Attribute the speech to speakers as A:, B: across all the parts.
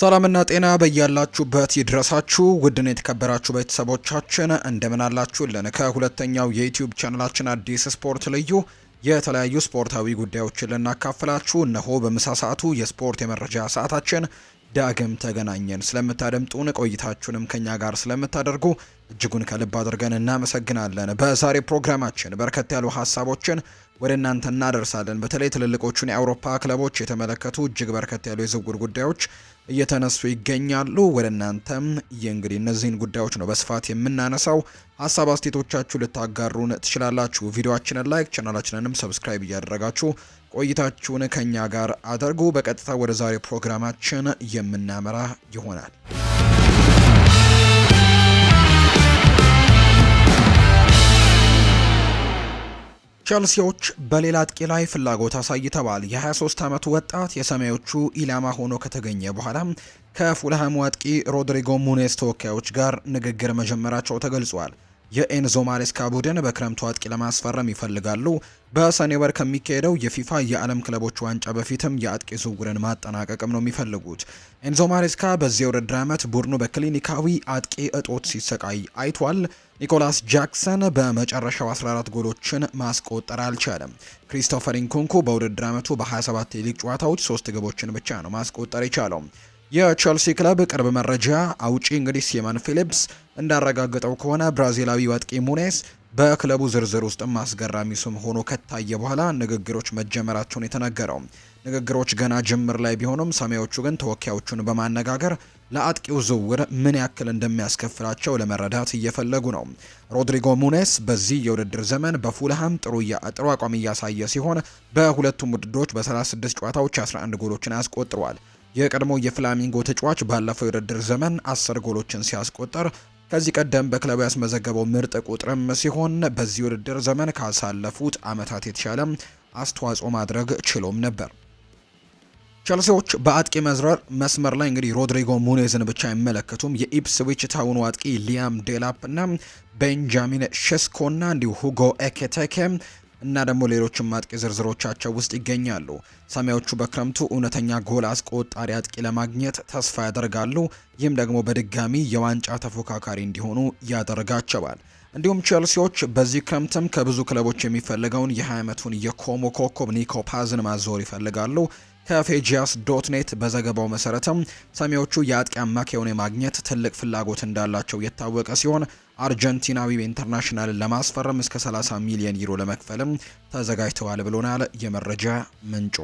A: ሰላምና ጤና በያላችሁበት ይድረሳችሁ። ውድን የተከበራችሁ ቤተሰቦቻችን እንደምን አላችሁልን? ከሁለተኛው የዩትዩብ ቻናላችን አዲስ ስፖርት ልዩ የተለያዩ ስፖርታዊ ጉዳዮችን ልናካፍላችሁ እነሆ በምሳ ሰዓቱ የስፖርት የመረጃ ሰዓታችን ዳግም ተገናኘን። ስለምታደምጡን ቆይታችሁንም ከኛ ጋር ስለምታደርጉ እጅጉን ከልብ አድርገን እናመሰግናለን። በዛሬ ፕሮግራማችን በርከት ያሉ ሀሳቦችን ወደ እናንተ እናደርሳለን። በተለይ ትልልቆቹን የአውሮፓ ክለቦች የተመለከቱ እጅግ በርከት ያሉ የዝውውር ጉዳዮች እየተነሱ ይገኛሉ። ወደ እናንተም እንግዲህ እነዚህን ጉዳዮች ነው በስፋት የምናነሳው። ሀሳብ አስቴቶቻችሁ ልታጋሩን ትችላላችሁ። ቪዲዮችንን ላይክ፣ ቻናላችንንም ሰብስክራይብ እያደረጋችሁ ቆይታችሁን ከእኛ ጋር አድርጉ። በቀጥታ ወደ ዛሬ ፕሮግራማችን የምናመራ ይሆናል። ቸልሲዎች በሌላ አጥቂ ላይ ፍላጎት አሳይተዋል። የ23 ዓመቱ ወጣት የሰማዮቹ ኢላማ ሆኖ ከተገኘ በኋላ ከፉልሃሙ አጥቂ ሮድሪጎ ሙኔስ ተወካዮች ጋር ንግግር መጀመራቸው ተገልጿል። የኤንዞ ማሬስካ ቡድን በክረምቱ አጥቂ ለማስፈረም ይፈልጋሉ። በሰኔ ወር ከሚካሄደው የፊፋ የዓለም ክለቦች ዋንጫ በፊትም የአጥቂ ዝውውርን ማጠናቀቅም ነው የሚፈልጉት። ኤንዞ ማሬስካ በዚህ የውድድር ዓመት ቡድኑ በክሊኒካዊ አጥቂ እጦት ሲሰቃይ አይቷል። ኒኮላስ ጃክሰን በመጨረሻው 14 ጎሎችን ማስቆጠር አልቻለም። ክሪስቶፈር ኢንኩንኩ በውድድር ዓመቱ በ27 የሊግ ጨዋታዎች ሶስት ግቦችን ብቻ ነው ማስቆጠር የቻለው። የቼልሲ ክለብ ቅርብ መረጃ አውጪ እንግዲህ ሲመን ፊሊፕስ እንዳረጋገጠው ከሆነ ብራዚላዊ አጥቂ ሙኔስ በክለቡ ዝርዝር ውስጥ አስገራሚ ስም ሆኖ ከታየ በኋላ ንግግሮች መጀመራቸውን የተነገረው። ንግግሮች ገና ጅምር ላይ ቢሆኑም ሰማያዎቹ ግን ተወካዮቹን በማነጋገር ለአጥቂው ዝውውር ምን ያክል እንደሚያስከፍላቸው ለመረዳት እየፈለጉ ነው። ሮድሪጎ ሙኔስ በዚህ የውድድር ዘመን በፉልሃም ጥሩ ጥሩ አቋም እያሳየ ሲሆን በሁለቱም ውድድሮች በ36 ጨዋታዎች 11 ጎሎችን አስቆጥሯል። የቀድሞ የፍላሚንጎ ተጫዋች ባለፈው የውድድር ዘመን አስር ጎሎችን ሲያስቆጠር ከዚህ ቀደም በክለቡ ያስመዘገበው ምርጥ ቁጥርም ሲሆን በዚህ ውድድር ዘመን ካሳለፉት ዓመታት የተሻለ አስተዋጽኦ ማድረግ ችሎም ነበር። ቸልሲዎች በአጥቂ መዝረር መስመር ላይ እንግዲህ ሮድሪጎ ሙኔዝን ብቻ አይመለከቱም። የኢፕስዊች ታውኑ አጥቂ ሊያም ዴላፕ እና ቤንጃሚን ሸስኮና እንዲሁ ሁጎ ኤኬቴኬ እና ደግሞ ሌሎችም አጥቂ ዝርዝሮቻቸው ውስጥ ይገኛሉ። ሰማያዎቹ በክረምቱ እውነተኛ ጎል አስቆጣሪ አጥቂ ለማግኘት ተስፋ ያደርጋሉ። ይህም ደግሞ በድጋሚ የዋንጫ ተፎካካሪ እንዲሆኑ ያደርጋቸዋል። እንዲሁም ቼልሲዎች በዚህ ክረምትም ከብዙ ክለቦች የሚፈልገውን የ20 ዓመቱን የኮሞ ኮከብ ኒኮ ፓዝን ማዞር ይፈልጋሉ። ከፌጂያስ ዶት ኔት በዘገባው መሰረትም ሰማያዎቹ የአጥቂ አማካዩን የማግኘት ትልቅ ፍላጎት እንዳላቸው የታወቀ ሲሆን አርጀንቲናዊ ኢንተርናሽናልን ለማስፈረም እስከ 30 ሚሊዮን ዩሮ ለመክፈልም ተዘጋጅተዋል ብሎናል የመረጃ ምንጩ።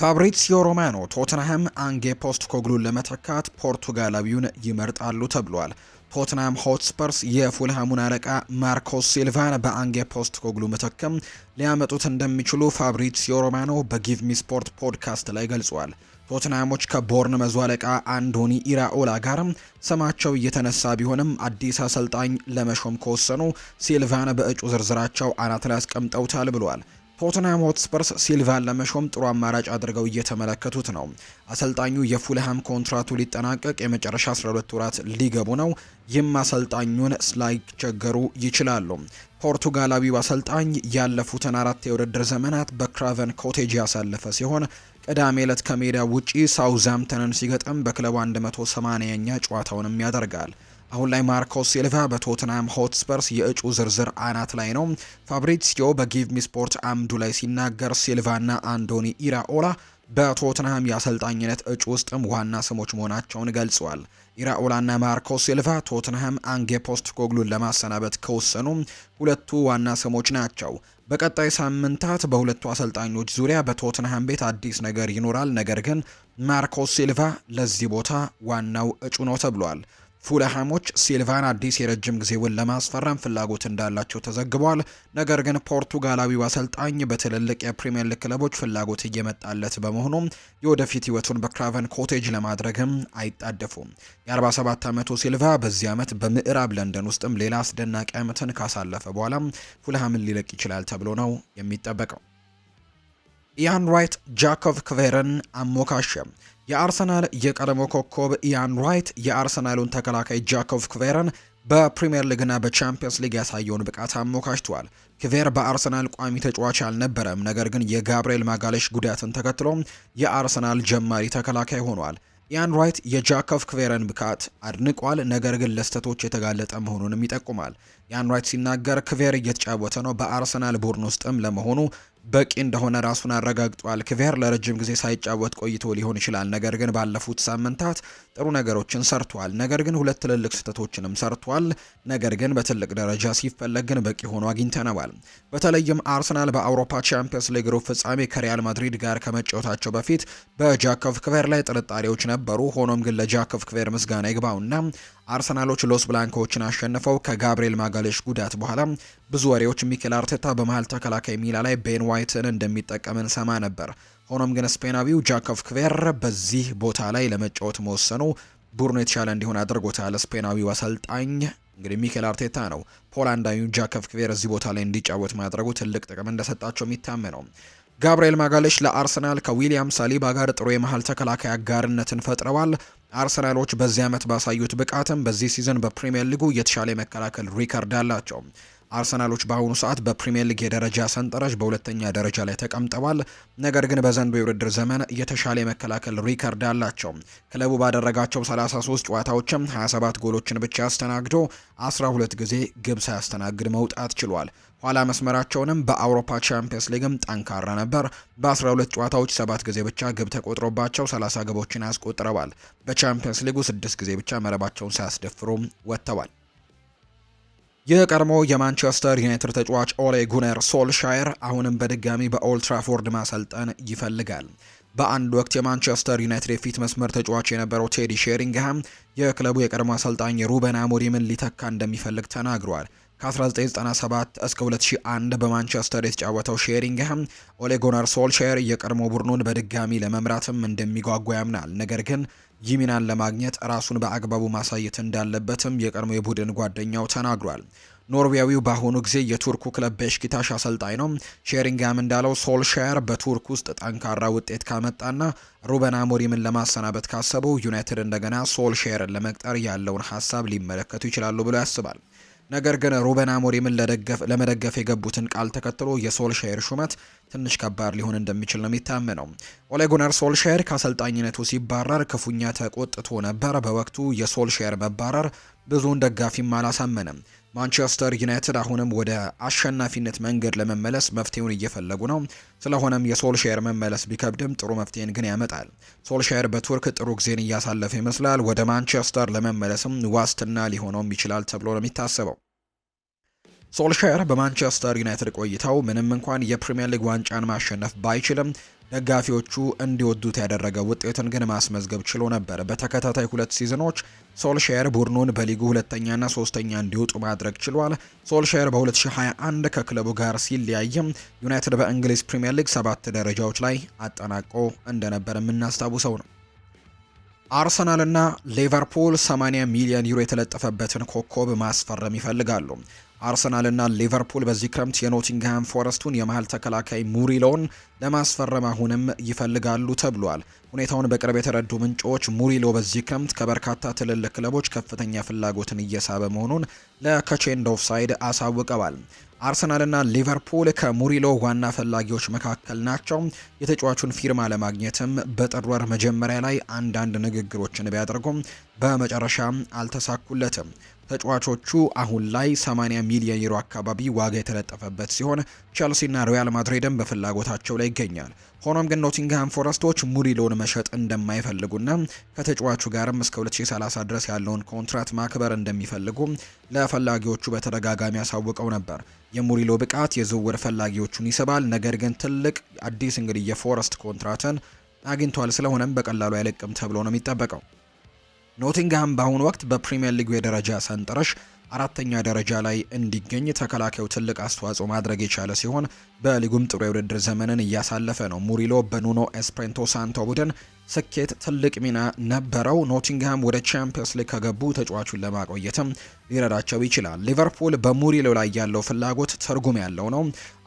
A: ፋብሪዚዮ ሮማኖ ቶትንሃም አንጌ ፖስት ኮግሉን ለመተካት ፖርቱጋላዊውን ይመርጣሉ ተብሏል። ቶትንሃም ሆትስፐርስ የፉልሃሙን አለቃ ማርኮስ ሲልቫን በአንጌ ፖስት ኮግሉ ምትክም ሊያመጡት እንደሚችሉ ፋብሪዚዮ ሮማኖ ሚ ስፖርት ፖድካስት ላይ ገልጿል። ቶትንሃሞች ከቦርን አለቃ አንዶኒ ኢራኦላ ጋርም ስማቸው እየተነሳ ቢሆንም አዲስ አሰልጣኝ ለመሾም ከወሰኑ ሲልቫን በእጩ ዝርዝራቸው አናት ላይ አስቀምጠውታል ብሏል። ቶትናም ሆትስፐርስ ሲልቫን ለመሾም ጥሩ አማራጭ አድርገው እየተመለከቱት ነው። አሰልጣኙ የፉልሃም ኮንትራቱ ሊጠናቀቅ የመጨረሻ 12 ወራት ሊገቡ ነው። ይህም አሰልጣኙን ስላይቸገሩ ይችላሉ። ፖርቱጋላዊው አሰልጣኝ ያለፉትን አራት የውድድር ዘመናት በክራቨን ኮቴጅ ያሳለፈ ሲሆን ቅዳሜ ዕለት ከሜዳ ውጪ ሳውዛምተንን ሲገጥም በክለቡ 180ኛ ጨዋታውንም ያደርጋል። አሁን ላይ ማርኮስ ሲልቫ በቶትናም ሆትስፐርስ የእጩ ዝርዝር አናት ላይ ነው። ፋብሪሲዮ በጊቭ ሚ ስፖርት አምዱ ላይ ሲናገር ሲልቫና አንዶኒ ኢራኦላ በቶትናም የአሰልጣኝነት እጩ ውስጥም ዋና ስሞች መሆናቸውን ገልጿል። ኢራኦላና ማርኮስ ሲልቫ ቶትንሃም አንጌ ፖስት ኮግሉን ለማሰናበት ከወሰኑ ሁለቱ ዋና ስሞች ናቸው። በቀጣይ ሳምንታት በሁለቱ አሰልጣኞች ዙሪያ በቶትንሃም ቤት አዲስ ነገር ይኖራል። ነገር ግን ማርኮስ ሲልቫ ለዚህ ቦታ ዋናው እጩ ነው ተብሏል። ፉለሃሞች ሲልቫን አዲስ የረጅም ጊዜ ውል ለማስፈረም ፍላጎት እንዳላቸው ተዘግቧል። ነገር ግን ፖርቱጋላዊው አሰልጣኝ በትልልቅ የፕሪምየር ሊግ ክለቦች ፍላጎት እየመጣለት በመሆኑ የወደፊት ሕይወቱን በክራቨን ኮቴጅ ለማድረግም አይጣደፉም። የ47 ዓመቱ ሲልቫ በዚህ ዓመት በምዕራብ ለንደን ውስጥም ሌላ አስደናቂ ዓመትን ካሳለፈ በኋላ ፉለሃምን ሊለቅ ይችላል ተብሎ ነው የሚጠበቀው። ኢያን ራይት ጃኮቭ ክቬርን አሞካሸ። የአርሰናል የቀድሞ ኮከብ ኢያን ራይት የአርሰናሉን ተከላካይ ጃኮቭ ክቬርን በፕሪምየር ሊግና በቻምፒየንስ ሊግ ያሳየውን ብቃት አሞካሽቷል። ክቬር በአርሰናል ቋሚ ተጫዋች አልነበረም፣ ነገር ግን የጋብርኤል ማጋሌሽ ጉዳትን ተከትሎ የአርሰናል ጀማሪ ተከላካይ ሆኗል። ኢያን ራይት የጃኮቭ ክቬረን ብቃት አድንቋል፣ ነገር ግን ለስተቶች የተጋለጠ መሆኑንም ይጠቁማል። ኢያን ራይት ሲናገር ክቬር እየተጫወተ ነው፣ በአርሰናል ቡድን ውስጥም ለመሆኑ በቂ እንደሆነ ራሱን አረጋግጧል። ክቬር ለረጅም ጊዜ ሳይጫወት ቆይቶ ሊሆን ይችላል፣ ነገር ግን ባለፉት ሳምንታት ጥሩ ነገሮችን ሰርቷል። ነገር ግን ሁለት ትልልቅ ስህተቶችንም ሰርቷል። ነገር ግን በትልቅ ደረጃ ሲፈለግ ግን በቂ ሆኖ አግኝተነዋል። በተለይም አርሰናል በአውሮፓ ቻምፒየንስ ሊግ ሩብ ፍጻሜ ከሪያል ማድሪድ ጋር ከመጫወታቸው በፊት በጃኮቭ ክቬር ላይ ጥርጣሬዎች ነበሩ። ሆኖም ግን ለጃኮቭ ክቬር ምስጋና ይግባውና አርሰናሎች ሎስ ብላንኮዎችን አሸንፈው ከጋብሪኤል ማጋሌሽ ጉዳት በኋላ ብዙ ወሬዎች ሚኬል አርቴታ በመሀል ተከላካይ ሚላ ላይ ቤን ዋይትን እንደሚጠቀምን ሰማ ነበር። ሆኖም ግን ስፔናዊው ጃኮቭ ክቬር በዚህ ቦታ ላይ ለመጫወት መወሰኑ ቡድኑ የተሻለ እንዲሆን አድርጎታል። ስፔናዊው አሰልጣኝ እንግዲህ ሚኬል አርቴታ ነው ፖላንዳዊው ጃኮቭ ክቬር እዚህ ቦታ ላይ እንዲጫወት ማድረጉ ትልቅ ጥቅም እንደሰጣቸው የሚታመነው። ጋብርኤል ማጋሌሽ ለአርሰናል ከዊሊያም ሳሊባ ጋር ጥሩ የመሀል ተከላካይ አጋርነትን ፈጥረዋል። አርሰናሎች በዚህ ዓመት ባሳዩት ብቃትም በዚህ ሲዝን በፕሪምየር ሊጉ የተሻለ የመከላከል ሪከርድ አላቸው። አርሰናሎች በአሁኑ ሰዓት በፕሪምየር ሊግ የደረጃ ሰንጠረዥ በሁለተኛ ደረጃ ላይ ተቀምጠዋል። ነገር ግን በዘንዱ የውድድር ዘመን የተሻለ የመከላከል ሪከርድ አላቸው። ክለቡ ባደረጋቸው 33 ጨዋታዎችም 27 ጎሎችን ብቻ አስተናግዶ 12 ጊዜ ግብ ሳያስተናግድ መውጣት ችሏል። ኋላ መስመራቸውንም በአውሮፓ ቻምፒየንስ ሊግም ጠንካራ ነበር። በ12 ጨዋታዎች ሰባት ጊዜ ብቻ ግብ ተቆጥሮባቸው 30 ግቦችን አስቆጥረዋል። በቻምፒየንስ ሊጉ ስድስት ጊዜ ብቻ መረባቸውን ሳያስደፍሩ ወጥተዋል። የቀድሞ የማንቸስተር ዩናይትድ ተጫዋች ኦሌ ጉነር ሶልሻየር አሁንም በድጋሚ በኦልትራፎርድ ማሰልጠን ይፈልጋል። በአንድ ወቅት የማንቸስተር ዩናይትድ የፊት መስመር ተጫዋች የነበረው ቴዲ ሼሪንግሃም የክለቡ የቀድሞ አሰልጣኝ ሩበን አሞሪምን ሊተካ እንደሚፈልግ ተናግሯል። ከ1997 እስከ 2001 በማንቸስተር የተጫወተው ሼሪንግሃም ኦሌጎናር ሶልሼር የቀድሞ ቡድኑን በድጋሚ ለመምራትም እንደሚጓጓ ያምናል። ነገር ግን ይህ ሚናን ለማግኘት ራሱን በአግባቡ ማሳየት እንዳለበትም የቀድሞ የቡድን ጓደኛው ተናግሯል። ኖርዌያዊው በአሁኑ ጊዜ የቱርኩ ክለብ በሽኪታሽ አሰልጣኝ ነው። ሼሪንግሃም እንዳለው ሶልሻየር በቱርክ ውስጥ ጠንካራ ውጤት ካመጣና ሩበን አሞሪምን ለማሰናበት ካሰበው ዩናይትድ እንደገና ሶልሻየርን ለመቅጠር ያለውን ሀሳብ ሊመለከቱ ይችላሉ ብሎ ያስባል። ነገር ግን ሩበን አሞሪምን ለመደገፍ የገቡትን ቃል ተከትሎ የሶልሻየር ሹመት ትንሽ ከባድ ሊሆን እንደሚችል ነው የሚታመነው። ኦሌጉናር ሶልሻየር ከአሰልጣኝነቱ ሲባረር ክፉኛ ተቆጥቶ ነበር። በወቅቱ የሶልሻየር መባረር ብዙውን ደጋፊም አላሳመንም። ማንቸስተር ዩናይትድ አሁንም ወደ አሸናፊነት መንገድ ለመመለስ መፍትሄውን እየፈለጉ ነው። ስለሆነም የሶልሻየር መመለስ ቢከብድም ጥሩ መፍትሄን ግን ያመጣል። ሶልሻየር በቱርክ ጥሩ ጊዜን እያሳለፈ ይመስላል። ወደ ማንቸስተር ለመመለስም ዋስትና ሊሆነውም ይችላል ተብሎ ነው የሚታሰበው። ሶልሻየር በማንቸስተር ዩናይትድ ቆይታው ምንም እንኳን የፕሪምየር ሊግ ዋንጫን ማሸነፍ ባይችልም ደጋፊዎቹ እንዲወዱት ያደረገ ውጤትን ግን ማስመዝገብ ችሎ ነበር። በተከታታይ ሁለት ሲዝኖች ሶልሼር ቡድኑን በሊጉ ሁለተኛና ሶስተኛ እንዲወጡ ማድረግ ችሏል። ሶልሼር በ2021 ከክለቡ ጋር ሲለያይም ዩናይትድ በእንግሊዝ ፕሪምየር ሊግ ሰባት ደረጃዎች ላይ አጠናቆ እንደነበር የምናስታውሰው ነው። አርሰናልና ሊቨርፑል 80 ሚሊዮን ዩሮ የተለጠፈበትን ኮከብ ማስፈረም ይፈልጋሉ። አርሰናልና ሊቨርፑል በዚህ ክረምት የኖቲንግሃም ፎረስቱን የመሀል ተከላካይ ሙሪሎን ለማስፈረም አሁንም ይፈልጋሉ ተብሏል። ሁኔታውን በቅርብ የተረዱ ምንጮች ሙሪሎ በዚህ ክረምት ከበርካታ ትልልቅ ክለቦች ከፍተኛ ፍላጎትን እየሳበ መሆኑን ለከቼንድ ኦፍሳይድ አሳውቀዋል። አርሰናልና ሊቨርፑል ከሙሪሎ ዋና ፈላጊዎች መካከል ናቸው። የተጫዋቹን ፊርማ ለማግኘትም በጥር ወር መጀመሪያ ላይ አንዳንድ ንግግሮችን ቢያደርጉም በመጨረሻ አልተሳኩለትም። ተጫዋቾቹ አሁን ላይ 80 ሚሊዮን ዩሮ አካባቢ ዋጋ የተለጠፈበት ሲሆን ቸልሲና ሪያል ማድሪድም በፍላጎታቸው ላይ ይገኛል። ሆኖም ግን ኖቲንግሃም ፎረስቶች ሙሪሎን መሸጥ እንደማይፈልጉና ከተጫዋቹ ጋርም እስከ 2030 ድረስ ያለውን ኮንትራት ማክበር እንደሚፈልጉ ለፈላጊዎቹ በተደጋጋሚ ያሳውቀው ነበር። የሙሪሎ ብቃት የዝውውር ፈላጊዎቹን ይስባል። ነገር ግን ትልቅ አዲስ እንግዲህ የፎረስት ኮንትራትን አግኝቷል። ስለሆነም በቀላሉ አይለቅም ተብሎ ነው የሚጠበቀው። ኖቲንግሃም በአሁኑ ወቅት በፕሪምየር ሊጉ የደረጃ ሰንጠረዥ አራተኛ ደረጃ ላይ እንዲገኝ ተከላካዩ ትልቅ አስተዋጽኦ ማድረግ የቻለ ሲሆን በሊጉም ጥሩ የውድድር ዘመንን እያሳለፈ ነው። ሙሪሎ በኑኖ ኤስፕሬንቶ ሳንቶ ቡድን ስኬት ትልቅ ሚና ነበረው። ኖቲንግሃም ወደ ቻምፒየንስ ሊግ ከገቡ ተጫዋቹን ለማቆየትም ሊረዳቸው ይችላል። ሊቨርፑል በሙሪሎ ላይ ያለው ፍላጎት ትርጉም ያለው ነው።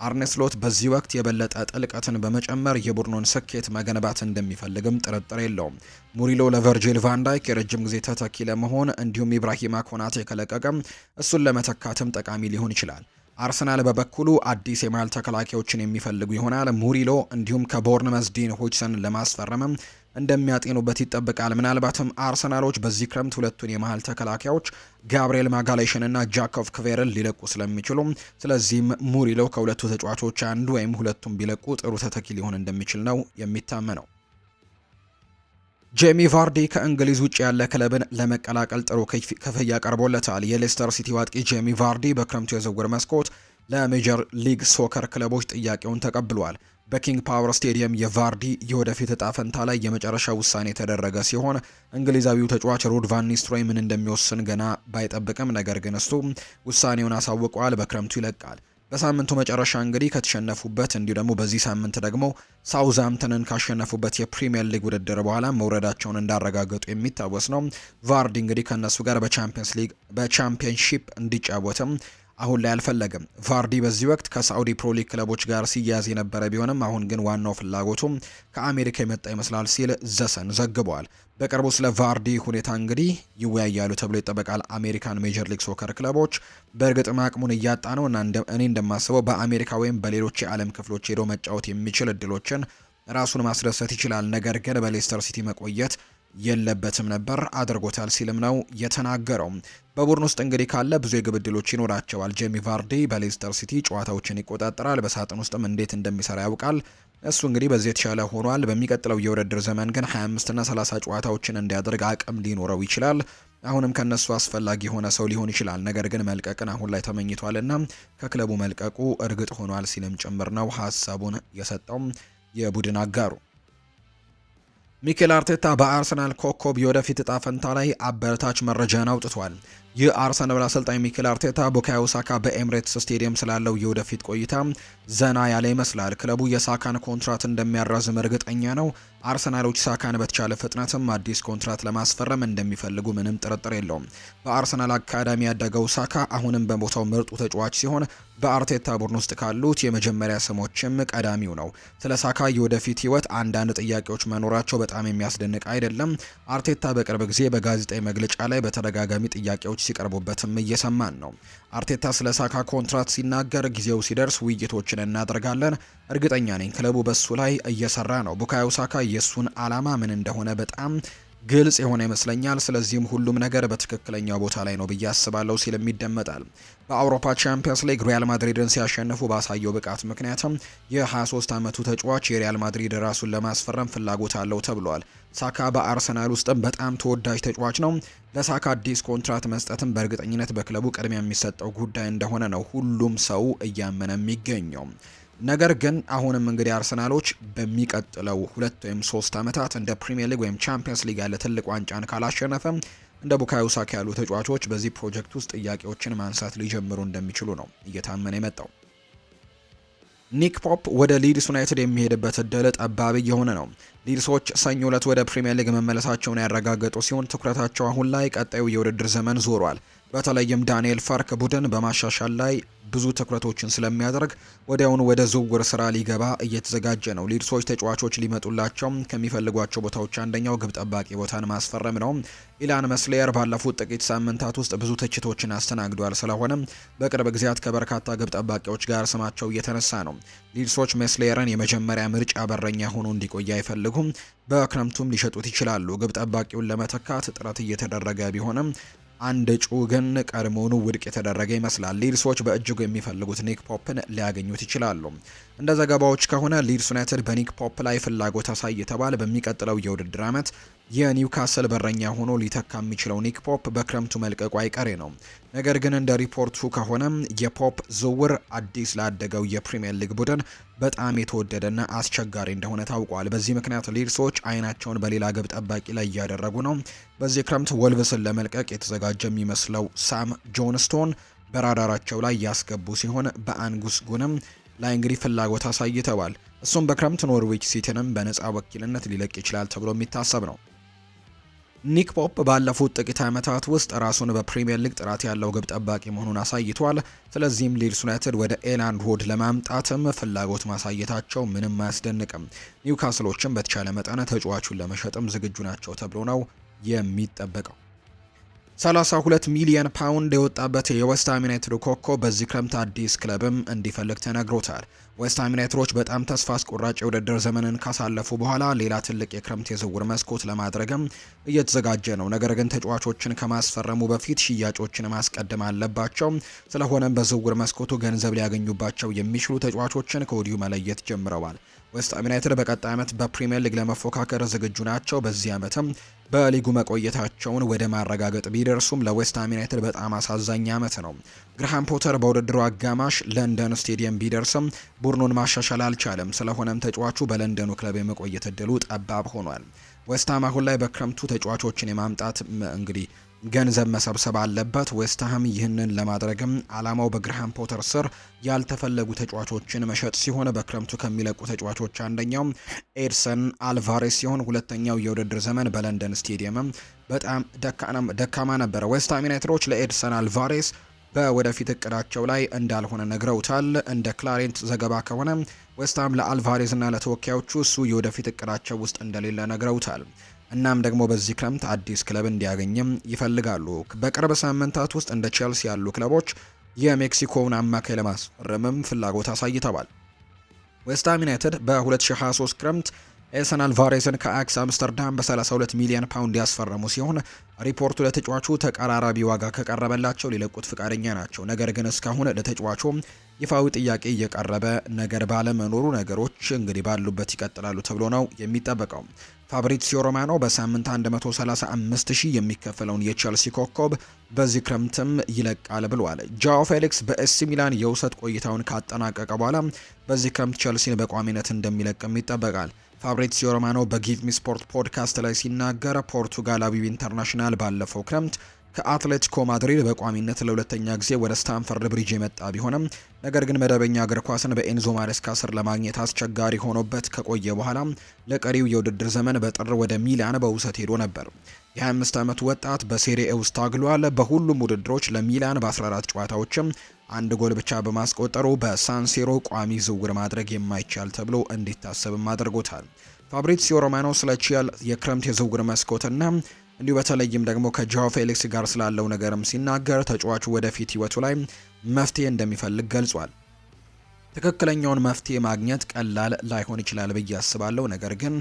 A: አርኔስሎት በዚህ ወቅት የበለጠ ጥልቀትን በመጨመር የቡድኑን ስኬት መገንባት እንደሚፈልግም ጥርጥር የለውም። ሙሪሎ ለቨርጂል ቫንዳይክ የረጅም ጊዜ ተተኪ ለመሆን እንዲሁም ኢብራሂማ ኮናቴ ከለቀቀም እሱን ለመተካትም ጠቃሚ ሊሆን ይችላል። አርሰናል በበኩሉ አዲስ የማል ተከላካዮችን የሚፈልጉ ይሆናል። ሙሪሎ እንዲሁም ከቦርንመስ ዲን ሆችሰን ለማስፈረምም እንደሚያጤኑበት ይጠበቃል። ምናልባትም አርሰናሎች በዚህ ክረምት ሁለቱን የመሃል ተከላካዮች ጋብርኤል ማጋሌሽንና ጃኮቭ ክቬርን ሊለቁ ስለሚችሉ ስለዚህም ሙሪሎ ከሁለቱ ተጫዋቾች አንዱ ወይም ሁለቱም ቢለቁ ጥሩ ተተኪ ሊሆን እንደሚችል ነው የሚታመነው። ጄሚ ቫርዲ ከእንግሊዝ ውጭ ያለ ክለብን ለመቀላቀል ጥሩ ክፍያ ቀርቦለታል። የሌስተር ሲቲ አጥቂ ጄሚ ቫርዲ በክረምቱ የዝውውር መስኮት ለሜጀር ሊግ ሶከር ክለቦች ጥያቄውን ተቀብሏል። በኪንግ ፓወር ስቴዲየም የቫርዲ የወደፊት እጣ ፈንታ ላይ የመጨረሻ ውሳኔ የተደረገ ሲሆን እንግሊዛዊው ተጫዋች ሩድ ቫን ኒስትሮይ ምን እንደሚወስን ገና ባይጠብቅም፣ ነገር ግን እሱ ውሳኔውን አሳውቋል። በክረምቱ ይለቃል። በሳምንቱ መጨረሻ እንግዲህ ከተሸነፉበት እንዲሁ ደግሞ በዚህ ሳምንት ደግሞ ሳውዛምተንን ካሸነፉበት የፕሪሚየር ሊግ ውድድር በኋላ መውረዳቸውን እንዳረጋገጡ የሚታወስ ነው። ቫርዲ እንግዲህ ከእነሱ ጋር በቻምፒየንስ ሊግ በቻምፒየንሺፕ እንዲጫወትም አሁን ላይ አልፈለገም። ቫርዲ በዚህ ወቅት ከሳዑዲ ፕሮሊግ ክለቦች ጋር ሲያያዝ የነበረ ቢሆንም አሁን ግን ዋናው ፍላጎቱም ከአሜሪካ የመጣ ይመስላል ሲል ዘሰን ዘግቧል። በቅርቡ ስለ ቫርዲ ሁኔታ እንግዲህ ይወያያሉ ተብሎ ይጠበቃል። አሜሪካን ሜጀር ሊግ ሶከር ክለቦች በእርግጥም አቅሙን እያጣ ነው እና እኔ እንደማስበው በአሜሪካ ወይም በሌሎች የዓለም ክፍሎች ሄዶ መጫወት የሚችል እድሎችን ራሱን ማስደሰት ይችላል። ነገር ግን በሌስተር ሲቲ መቆየት የለበትም ነበር አድርጎታል ሲልም ነው የተናገረው። በቡድን ውስጥ እንግዲህ ካለ ብዙ የግብ ዕድሎች ይኖራቸዋል። ጄሚ ቫርዲ በሌስተር ሲቲ ጨዋታዎችን ይቆጣጠራል። በሳጥን ውስጥም እንዴት እንደሚሰራ ያውቃል። እሱ እንግዲህ በዚህ የተሻለ ሆኗል። በሚቀጥለው የውድድር ዘመን ግን 25 እና 30 ጨዋታዎችን እንዲያደርግ አቅም ሊኖረው ይችላል። አሁንም ከነሱ አስፈላጊ የሆነ ሰው ሊሆን ይችላል። ነገር ግን መልቀቅን አሁን ላይ ተመኝቷልና ከክለቡ መልቀቁ እርግጥ ሆኗል ሲልም ጭምር ነው ሀሳቡን የሰጠው የቡድን አጋሩ። ሚኬል አርቴታ በአርሰናል ኮከብ የወደፊት እጣ ፈንታ ላይ አበረታች መረጃን አውጥቷል። የአርሰናል አሰልጣኝ ሚኬል አርቴታ ቡካዮ ሳካ በኤምሬትስ ስቴዲየም ስላለው የወደፊት ቆይታ ዘና ያለ ይመስላል። ክለቡ የሳካን ኮንትራት እንደሚያራዝም እርግጠኛ ነው። አርሰናሎች ሳካን በተቻለ ፍጥነትም አዲስ ኮንትራት ለማስፈረም እንደሚፈልጉ ምንም ጥርጥር የለውም። በአርሰናል አካዳሚ ያደገው ሳካ አሁንም በቦታው ምርጡ ተጫዋች ሲሆን በአርቴታ ቡድን ውስጥ ካሉት የመጀመሪያ ስሞችም ቀዳሚው ነው። ስለ ሳካ የወደፊት ህይወት አንዳንድ ጥያቄዎች መኖራቸው በጣም የሚያስደንቅ አይደለም። አርቴታ በቅርብ ጊዜ በጋዜጣዊ መግለጫ ላይ በተደጋጋሚ ጥያቄዎች ውይይቶች ሲቀርቡበትም እየሰማን ነው። አርቴታ ስለ ሳካ ኮንትራት ሲናገር ጊዜው ሲደርስ ውይይቶችን እናደርጋለን። እርግጠኛ ነኝ ክለቡ በሱ ላይ እየሰራ ነው። ቡካዮ ሳካ የሱን አላማ ምን እንደሆነ በጣም ግልጽ የሆነ ይመስለኛል። ስለዚህም ሁሉም ነገር በትክክለኛው ቦታ ላይ ነው ብዬ አስባለሁ ሲልም ይደመጣል። በአውሮፓ ቻምፒየንስ ሊግ ሪያል ማድሪድን ሲያሸንፉ ባሳየው ብቃት ምክንያትም የ23 ዓመቱ ተጫዋች የሪያል ማድሪድ ራሱን ለማስፈረም ፍላጎት አለው ተብሏል። ሳካ በአርሰናል ውስጥም በጣም ተወዳጅ ተጫዋች ነው። ለሳካ አዲስ ኮንትራት መስጠትም በእርግጠኝነት በክለቡ ቅድሚያ የሚሰጠው ጉዳይ እንደሆነ ነው ሁሉም ሰው እያመነ የሚገኘው። ነገር ግን አሁንም እንግዲህ አርሰናሎች በሚቀጥለው ሁለት ወይም ሶስት ዓመታት እንደ ፕሪሚየር ሊግ ወይም ቻምፒየንስ ሊግ ያለ ትልቅ ዋንጫን ካላሸነፈም እንደ ቡካዮ ሳካ ያሉ ተጫዋቾች በዚህ ፕሮጀክት ውስጥ ጥያቄዎችን ማንሳት ሊጀምሩ እንደሚችሉ ነው እየታመነ የመጣው። ኒክ ፖፕ ወደ ሊድስ ዩናይትድ የሚሄድበት እድል ጠባብ እየሆነ ነው። ሊድሶች ሰኞ ዕለት ወደ ፕሪምየር ሊግ መመለሳቸውን ያረጋገጡ ሲሆን ትኩረታቸው አሁን ላይ ቀጣዩ የውድድር ዘመን ዞሯል። በተለይም ዳንኤል ፋርክ ቡድን በማሻሻል ላይ ብዙ ትኩረቶችን ስለሚያደርግ ወዲያውኑ ወደ ዝውውር ስራ ሊገባ እየተዘጋጀ ነው። ሊድሶች ተጫዋቾች ሊመጡላቸው ከሚፈልጓቸው ቦታዎች አንደኛው ግብ ጠባቂ ቦታን ማስፈረም ነው። ኢላን መስሌየር ባለፉት ጥቂት ሳምንታት ውስጥ ብዙ ትችቶችን አስተናግዷል። ስለሆነም በቅርብ ጊዜያት ከበርካታ ግብ ጠባቂዎች ጋር ስማቸው እየተነሳ ነው። ሊድሶች መስሌየርን የመጀመሪያ ምርጫ በረኛ ሆኖ እንዲቆይ አይፈልጉም። በክረምቱም ሊሸጡት ይችላሉ። ግብ ጠባቂውን ለመተካት ጥረት እየተደረገ ቢሆንም አንድ እጩ ግን ቀድሞውኑ ውድቅ የተደረገ ይመስላል። ሊድሶች በእጅጉ የሚፈልጉት ኒክ ፖፕን ሊያገኙት ይችላሉ። እንደ ዘገባዎች ከሆነ ሊድስ ዩናይትድ በኒክ ፖፕ ላይ ፍላጎት አሳይ የተባለ በሚቀጥለው የውድድር ዓመት የኒውካስል በረኛ ሆኖ ሊተካ የሚችለው ኒክ ፖፕ በክረምቱ መልቀቁ አይቀሬ ነው። ነገር ግን እንደ ሪፖርቱ ከሆነ የፖፕ ዝውውር አዲስ ላደገው የፕሪምየር ሊግ ቡድን በጣም የተወደደና አስቸጋሪ እንደሆነ ታውቋል። በዚህ ምክንያት ሊድሶች አይናቸውን በሌላ ግብ ጠባቂ ላይ እያደረጉ ነው። በዚህ ክረምት ወልቭስን ለመልቀቅ የተዘጋጀ የሚመስለው ሳም ጆንስቶን በራዳራቸው ላይ ያስገቡ ሲሆን በአንጉስ ጉንም ላይ እንግዲህ ፍላጎት አሳይተዋል። እሱም በክረምት ኖርዊች ሲቲንም በነፃ ወኪልነት ሊለቅ ይችላል ተብሎ የሚታሰብ ነው። ኒክ ፖፕ ባለፉት ጥቂት ዓመታት ውስጥ ራሱን በፕሪምየር ሊግ ጥራት ያለው ግብ ጠባቂ መሆኑን አሳይቷል። ስለዚህም ሊድስ ዩናይትድ ወደ ኤላንድ ሮድ ለማምጣትም ፍላጎት ማሳየታቸው ምንም አያስደንቅም። ኒውካስሎችም በተቻለ መጠን ተጫዋቹን ለመሸጥም ዝግጁ ናቸው ተብሎ ነው የሚጠበቀው። 32 ሚሊዮን ፓውንድ የወጣበት የዌስትሃም ዩናይትድ ኮኮ በዚህ ክረምት አዲስ ክለብም እንዲፈልግ ተነግሮታል። ዌስትሃም ዩናይትዶች በጣም ተስፋ አስቆራጭ የውድድር ዘመንን ካሳለፉ በኋላ ሌላ ትልቅ የክረምት የዝውውር መስኮት ለማድረግም እየተዘጋጀ ነው። ነገር ግን ተጫዋቾችን ከማስፈረሙ በፊት ሽያጮችን ማስቀደም አለባቸው። ስለሆነም በዝውውር መስኮቱ ገንዘብ ሊያገኙባቸው የሚችሉ ተጫዋቾችን ከወዲሁ መለየት ጀምረዋል። ዌስትሃም ዩናይትድ በቀጣይ ዓመት በፕሪምየር ሊግ ለመፎካከር ዝግጁ ናቸው። በዚህ ዓመትም በሊጉ መቆየታቸውን ወደ ማረጋገጥ ቢደርሱም ለዌስትሃም ዩናይትድ በጣም አሳዛኝ ዓመት ነው። ግርሃም ፖተር በውድድሩ አጋማሽ ለንደን ስቴዲየም ቢደርስም ቡድኑን ማሻሻል አልቻለም። ስለሆነም ተጫዋቹ በለንደኑ ክለብ የመቆየት እድሉ ጠባብ ሆኗል። ዌስትሃም አሁን ላይ በክረምቱ ተጫዋቾችን የማምጣት እንግዲህ ገንዘብ መሰብሰብ አለበት። ዌስትሃም ይህንን ለማድረግም አላማው በግርሃም ፖተር ስር ያልተፈለጉ ተጫዋቾችን መሸጥ ሲሆን በክረምቱ ከሚለቁ ተጫዋቾች አንደኛው ኤድሰን አልቫሬስ ሲሆን ሁለተኛው የውድድር ዘመን በለንደን ስቴዲየምም በጣም ደካማ ነበረ። ዌስትሃም ዩናይትዶች ለኤድሰን አልቫሬስ በወደፊት እቅዳቸው ላይ እንዳልሆነ ነግረውታል። እንደ ክላሬንት ዘገባ ከሆነ ዌስትሃም ለአልቫሬዝና ለተወካዮቹ እሱ የወደፊት እቅዳቸው ውስጥ እንደሌለ ነግረውታል። እናም ደግሞ በዚህ ክረምት አዲስ ክለብ እንዲያገኝም ይፈልጋሉ። በቅርብ ሳምንታት ውስጥ እንደ ቼልሲ ያሉ ክለቦች የሜክሲኮውን አማካይ ለማስፈረምም ፍላጎት አሳይተዋል። ዌስትሃም ዩናይትድ በ2023 ክረምት ኤሰን አልቫሬዝን ከአክስ አምስተርዳም በ32 ሚሊዮን ፓውንድ ያስፈረሙ ሲሆን ሪፖርቱ ለተጫዋቹ ተቀራራቢ ዋጋ ከቀረበላቸው ሊለቁት ፍቃደኛ ናቸው። ነገር ግን እስካሁን ለተጫዋቹ ይፋዊ ጥያቄ እየቀረበ ነገር ባለመኖሩ ነገሮች እንግዲህ ባሉበት ይቀጥላሉ ተብሎ ነው የሚጠበቀው። ፋብሪዚዮ ሮማኖ በሳምንት 135 ሺህ የሚከፈለውን የቼልሲ ኮከብ በዚህ ክረምትም ይለቃል ብሏል። ጃኦ ፌሊክስ በኤሲ ሚላን የውሰት ቆይታውን ካጠናቀቀ በኋላ በዚህ ክረምት ቼልሲን በቋሚነት እንደሚለቅም ይጠበቃል። ፋብሪዚዮ ሮማኖ በጊቭሚ ስፖርት ፖድካስት ላይ ሲናገር ፖርቱጋላዊው ኢንተርናሽናል ባለፈው ክረምት ከአትሌቲኮ ማድሪድ በቋሚነት ለሁለተኛ ጊዜ ወደ ስታንፈርድ ብሪጅ የመጣ ቢሆንም ነገር ግን መደበኛ እግር ኳስን በኤንዞ ማሬስካ ስር ለማግኘት አስቸጋሪ ሆኖበት ከቆየ በኋላ ለቀሪው የውድድር ዘመን በጥር ወደ ሚላን በውሰት ሄዶ ነበር። የ25 ዓመቱ ወጣት በሴሪኤ ውስጥ ታግሏል። በሁሉም ውድድሮች ለሚላን በ14 ጨዋታዎችም አንድ ጎል ብቻ በማስቆጠሩ በሳንሴሮ ቋሚ ዝውውር ማድረግ የማይቻል ተብሎ እንዲታሰብም አድርጎታል። ፋብሪዚዮ ሮማኖ ስለ ቺያል የክረምት የዝውውር መስኮትና እንዲሁ በተለይም ደግሞ ከጃው ፌሊክስ ጋር ስላለው ነገርም ሲናገር ተጫዋቹ ወደፊት ህይወቱ ላይ መፍትሄ እንደሚፈልግ ገልጿል። ትክክለኛውን መፍትሄ ማግኘት ቀላል ላይሆን ይችላል ብዬ አስባለሁ፣ ነገር ግን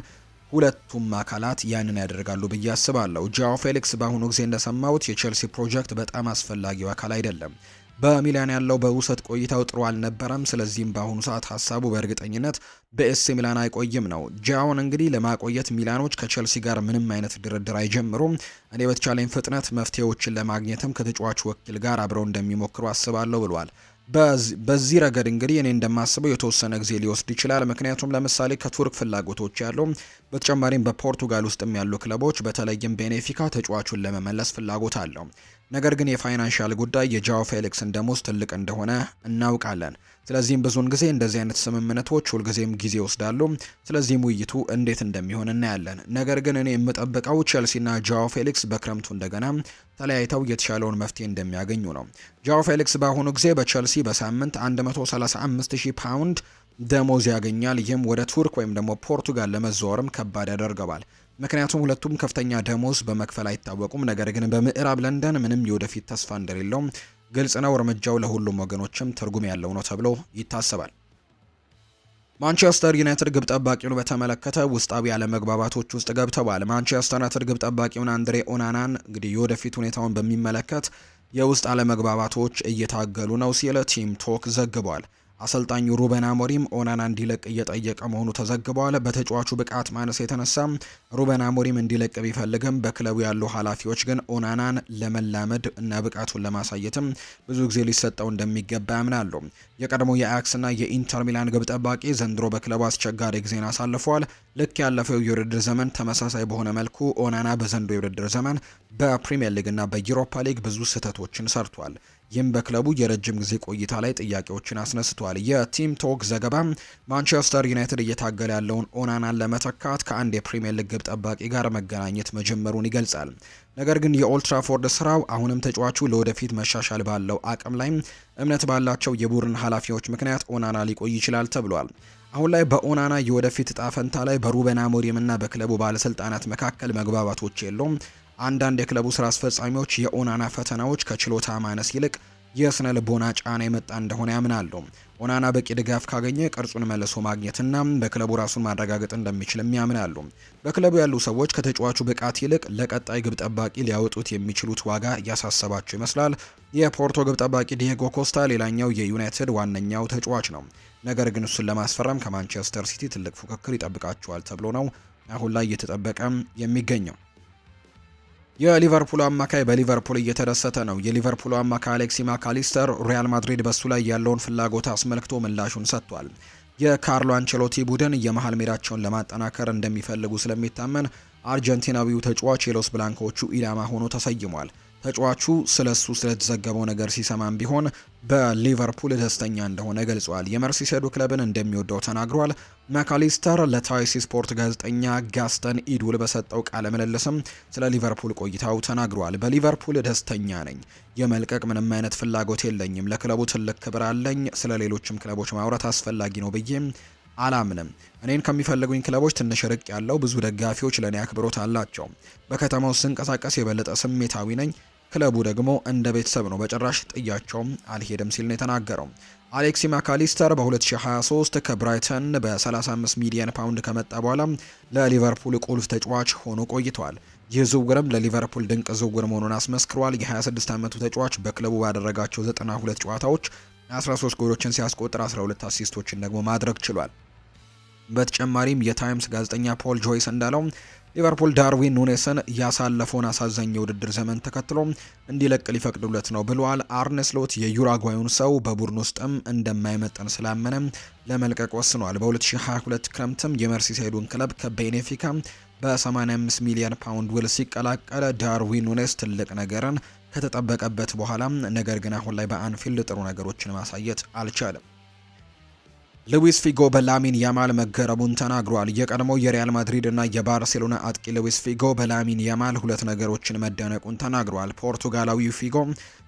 A: ሁለቱም አካላት ያንን ያደርጋሉ ብዬ አስባለሁ። ጃው ፌሊክስ በአሁኑ ጊዜ እንደሰማሁት የቼልሲ ፕሮጀክት በጣም አስፈላጊው አካል አይደለም በሚላን ያለው በውሰት ቆይታው ጥሩ አልነበረም። ስለዚህም በአሁኑ ሰዓት ሀሳቡ በእርግጠኝነት በኤሲ ሚላን አይቆይም ነው። ጃውን እንግዲህ ለማቆየት ሚላኖች ከቸልሲ ጋር ምንም አይነት ድርድር አይጀምሩም። እኔ በተቻለኝ ፍጥነት መፍትሄዎችን ለማግኘትም ከተጫዋቹ ወኪል ጋር አብረው እንደሚሞክሩ አስባለሁ ብሏል። በዚህ ረገድ እንግዲህ እኔ እንደማስበው የተወሰነ ጊዜ ሊወስድ ይችላል። ምክንያቱም ለምሳሌ ከቱርክ ፍላጎቶች ያለው በተጨማሪም በፖርቱጋል ውስጥም ያሉ ክለቦች በተለይም ቤኔፊካ ተጫዋቹን ለመመለስ ፍላጎት አለው። ነገር ግን የፋይናንሻል ጉዳይ የጃው ፌሊክስን ደሞዝ ትልቅ እንደሆነ እናውቃለን። ስለዚህም ብዙውን ጊዜ እንደዚህ አይነት ስምምነቶች ሁልጊዜም ጊዜ ይወስዳሉ። ስለዚህም ውይይቱ እንዴት እንደሚሆን እናያለን። ነገር ግን እኔ የምጠብቀው ቼልሲና ጃው ፌሊክስ በክረምቱ እንደገና ተለያይተው የተሻለውን መፍትሄ እንደሚያገኙ ነው። ጃው ፌሊክስ በአሁኑ ጊዜ በቼልሲ በሳምንት 135 ሺህ ፓውንድ ደሞዝ ያገኛል። ይህም ወደ ቱርክ ወይም ደግሞ ፖርቱጋል ለመዘዋወርም ከባድ ያደርገዋል። ምክንያቱም ሁለቱም ከፍተኛ ደሞዝ በመክፈል አይታወቁም። ነገር ግን በምዕራብ ለንደን ምንም የወደፊት ተስፋ እንደሌለው ግልጽ ነው። እርምጃው ለሁሉም ወገኖችም ትርጉም ያለው ነው ተብሎ ይታሰባል። ማንቸስተር ዩናይትድ ግብ ጠባቂውን በተመለከተ ውስጣዊ አለመግባባቶች ውስጥ ገብተዋል። ማንቸስተር ዩናይትድ ግብ ጠባቂውን አንድሬ ኦናናን እንግዲህ የወደፊት ሁኔታውን በሚመለከት የውስጥ አለመግባባቶች እየታገሉ ነው ሲል ቲም ቶክ ዘግቧል። አሰልጣኙ ሩበን አሞሪም ኦናና እንዲለቅ እየጠየቀ መሆኑ ተዘግቧል። በተጫዋቹ ብቃት ማነስ የተነሳ ሩበን አሞሪም እንዲለቅ ቢፈልግም በክለቡ ያሉ ኃላፊዎች ግን ኦናናን ለመላመድ እና ብቃቱን ለማሳየትም ብዙ ጊዜ ሊሰጠው እንደሚገባ ያምናሉ። የቀድሞ የአያክስና የኢንተር ሚላን ግብ ጠባቂ ዘንድሮ በክለቡ አስቸጋሪ ጊዜን አሳልፏል። ልክ ያለፈው የውድድር ዘመን ተመሳሳይ በሆነ መልኩ ኦናና በዘንድሮ የውድድር ዘመን በፕሪምየር ሊግና በዩሮፓ ሊግ ብዙ ስህተቶችን ሰርቷል። ይህም በክለቡ የረጅም ጊዜ ቆይታ ላይ ጥያቄዎችን አስነስቷል። የቲም ቶክ ዘገባ ማንቸስተር ዩናይትድ እየታገለ ያለውን ኦናናን ለመተካት ከአንድ የፕሪምየር ሊግ ግብ ጠባቂ ጋር መገናኘት መጀመሩን ይገልጻል። ነገር ግን የኦልትራፎርድ ስራው አሁንም ተጫዋቹ ለወደፊት መሻሻል ባለው አቅም ላይ እምነት ባላቸው የቡድን ኃላፊዎች ምክንያት ኦናና ሊቆይ ይችላል ተብሏል። አሁን ላይ በኦናና የወደፊት እጣ ፈንታ ላይ በሩበን አሞሪምና በክለቡ ባለስልጣናት መካከል መግባባቶች የለውም። አንዳንድ የክለቡ ስራ አስፈጻሚዎች የኦናና ፈተናዎች ከችሎታ ማነስ ይልቅ የስነ ልቦና ጫና የመጣ እንደሆነ ያምናሉ። ኦናና በቂ ድጋፍ ካገኘ ቅርጹን መልሶ ማግኘትና በክለቡ ራሱን ማረጋገጥ እንደሚችልም ያምናሉ። በክለቡ ያሉ ሰዎች ከተጫዋቹ ብቃት ይልቅ ለቀጣይ ግብ ጠባቂ ሊያወጡት የሚችሉት ዋጋ እያሳሰባቸው ይመስላል። የፖርቶ ግብ ጠባቂ ዲየጎ ኮስታ ሌላኛው የዩናይትድ ዋነኛው ተጫዋች ነው። ነገር ግን እሱን ለማስፈረም ከማንቸስተር ሲቲ ትልቅ ፉክክር ይጠብቃቸዋል ተብሎ ነው አሁን ላይ እየተጠበቀ የሚገኘው። የሊቨርፑል አማካይ በሊቨርፑል እየተደሰተ ነው። የሊቨርፑል አማካይ አሌክሲ ማካሊስተር ሪያል ማድሪድ በሱ ላይ ያለውን ፍላጎት አስመልክቶ ምላሹን ሰጥቷል። የካርሎ አንቸሎቲ ቡድን የመሃል ሜዳቸውን ለማጠናከር እንደሚፈልጉ ስለሚታመን አርጀንቲናዊው ተጫዋች የሎስ ብላንኮቹ ኢላማ ሆኖ ተሰይሟል። ተጫዋቹ ስለ እሱ ስለተዘገበው ነገር ሲሰማም ቢሆን በሊቨርፑል ደስተኛ እንደሆነ ገልጿል። የመርሲሰዱ ክለብን እንደሚወደው ተናግሯል። መካሊስተር ለታይሲ ስፖርት ጋዜጠኛ ጋስተን ኢዱል በሰጠው ቃለ ምልልስም ስለ ሊቨርፑል ቆይታው ተናግሯል። በሊቨርፑል ደስተኛ ነኝ። የመልቀቅ ምንም አይነት ፍላጎት የለኝም። ለክለቡ ትልቅ ክብር አለኝ። ስለ ሌሎችም ክለቦች ማውራት አስፈላጊ ነው ብዬም አላምንም። እኔን ከሚፈልጉኝ ክለቦች ትንሽ ርቅ ያለው ብዙ ደጋፊዎች ለእኔ አክብሮት አላቸው። በከተማው ስንቀሳቀስ የበለጠ ስሜታዊ ነኝ። ክለቡ ደግሞ እንደ ቤተሰብ ነው፣ በጭራሽ ጥያቸውም አልሄድም ሲል ነው የተናገረው። አሌክሲ ማካሊስተር በ2023 ከብራይተን በ35 ሚሊዮን ፓውንድ ከመጣ በኋላ ለሊቨርፑል ቁልፍ ተጫዋች ሆኖ ቆይቷል። ይህ ዝውውርም ለሊቨርፑል ድንቅ ዝውውር መሆኑን አስመስክሯል። የ26 ዓመቱ ተጫዋች በክለቡ ባደረጋቸው 92 ጨዋታዎች 13 ጎሎችን ሲያስቆጥር 12 አሲስቶችን ደግሞ ማድረግ ችሏል። በተጨማሪም የታይምስ ጋዜጠኛ ፖል ጆይስ እንዳለው ሊቨርፑል ዳርዊን ኑኔስን ያሳለፈውን አሳዛኝ የውድድር ዘመን ተከትሎ እንዲለቅ ሊፈቅዱለት ነው ብለዋል። አርነስሎት የዩራጓዩን ሰው በቡድን ውስጥም እንደማይመጠን ስላመነ ለመልቀቅ ወስኗል። በ2022 ክረምትም የመርሲሳይዱን ክለብ ከቤኔፊካ በ85 ሚሊዮን ፓውንድ ውል ሲቀላቀለ ዳርዊን ኑኔስ ትልቅ ነገርን ከተጠበቀበት በኋላ ነገር ግን አሁን ላይ በአንፊልድ ጥሩ ነገሮችን ማሳየት አልቻለም። ሉዊስ ፊጎ በላሚን ያማል መገረሙን ተናግሯል። የቀድሞው የሪያል ማድሪድ እና የባርሴሎና አጥቂ ሉዊስ ፊጎ በላሚን ያማል ሁለት ነገሮችን መደነቁን ተናግሯል። ፖርቱጋላዊው ፊጎ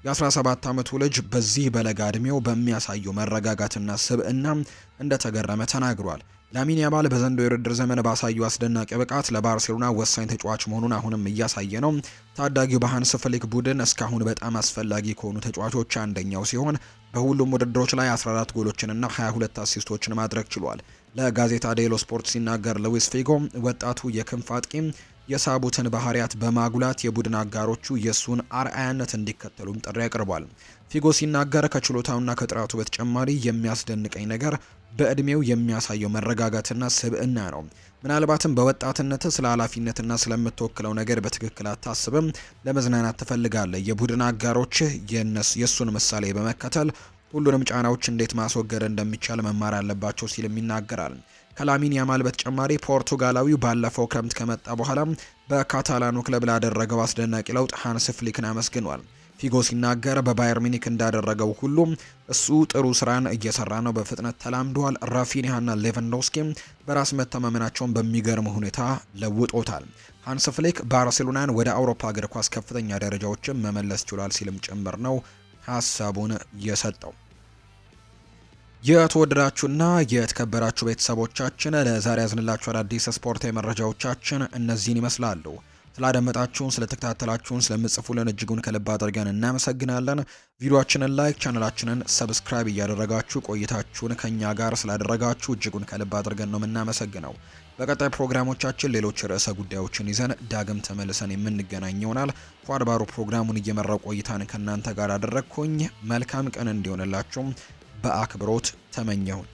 A: የ17 ዓመቱ ልጅ በዚህ በለጋ ዕድሜው በሚያሳየው መረጋጋትና ስብዕና እንደተገረመ ተናግሯል። ላሚን ያማል በዘንዶ የውድድር ዘመን ባሳዩ አስደናቂ ብቃት ለባርሴሎና ወሳኝ ተጫዋች መሆኑን አሁንም እያሳየ ነው። ታዳጊው በሃንስ ፍሊክ ቡድን እስካሁን በጣም አስፈላጊ ከሆኑ ተጫዋቾች አንደኛው ሲሆን በሁሉም ውድድሮች ላይ 14 ጎሎችንና 22 አሲስቶችን ማድረግ ችሏል። ለጋዜጣ ዴሎ ስፖርት ሲናገር ሉዊስ ፊጎ ወጣቱ የክንፍ የሳቡትን ባህሪያት በማጉላት የቡድን አጋሮቹ የእሱን አርአያነት እንዲከተሉም ጥሪ አቅርቧል። ፊጎ ሲናገር ከችሎታውና ከጥራቱ በተጨማሪ የሚያስደንቀኝ ነገር በእድሜው የሚያሳየው መረጋጋትና ስብዕና ነው። ምናልባትም በወጣትነት ስለ ኃላፊነትና ስለምትወክለው ነገር በትክክል አታስብም፣ ለመዝናናት ትፈልጋለህ። የቡድን አጋሮችህ የእሱን ምሳሌ በመከተል ሁሉንም ጫናዎች እንዴት ማስወገድ እንደሚቻል መማር አለባቸው ሲልም ይናገራል። ከላሚን ያማል በተጨማሪ ፖርቱጋላዊው ባለፈው ክረምት ከመጣ በኋላ በካታላኑ ክለብ ላደረገው አስደናቂ ለውጥ ሃንስ ፍሊክን አመስግኗል። ፊጎ ሲናገር በባየር ሚኒክ እንዳደረገው ሁሉ እሱ ጥሩ ስራን እየሰራ ነው፣ በፍጥነት ተላምዷል። ራፊኒያና ሌቫንዶስኪም በራስ መተማመናቸውን በሚገርም ሁኔታ ለውጦታል። ሃንስ ፍሌክ ባርሴሎናን ወደ አውሮፓ እግር ኳስ ከፍተኛ ደረጃዎችን መመለስ ችሏል ሲልም ጭምር ነው ሀሳቡን የሰጠው። የተወደዳችሁና የተከበራችሁ ቤተሰቦቻችን ለዛሬ ያዝንላችሁ አዳዲስ ስፖርታዊ መረጃዎቻችን እነዚህን ይመስላሉ። ስላደመጣችሁን፣ ስለተከታተላችሁን፣ ስለምጽፉልን እጅጉን ከልብ አድርገን እናመሰግናለን። ቪዲዮአችንን ላይክ፣ ቻነላችንን ሰብስክራይብ እያደረጋችሁ ቆይታችሁን ከእኛ ጋር ስላደረጋችሁ እጅጉን ከልብ አድርገን ነው የምናመሰግነው። በቀጣይ ፕሮግራሞቻችን ሌሎች ርዕሰ ጉዳዮችን ይዘን ዳግም ተመልሰን የምንገናኝ ይሆናል። ፏድባሩ ፕሮግራሙን እየመራው ቆይታን ከእናንተ ጋር አደረግኩኝ። መልካም ቀን እንዲሆንላችሁም በአክብሮት ተመኘሁኝ።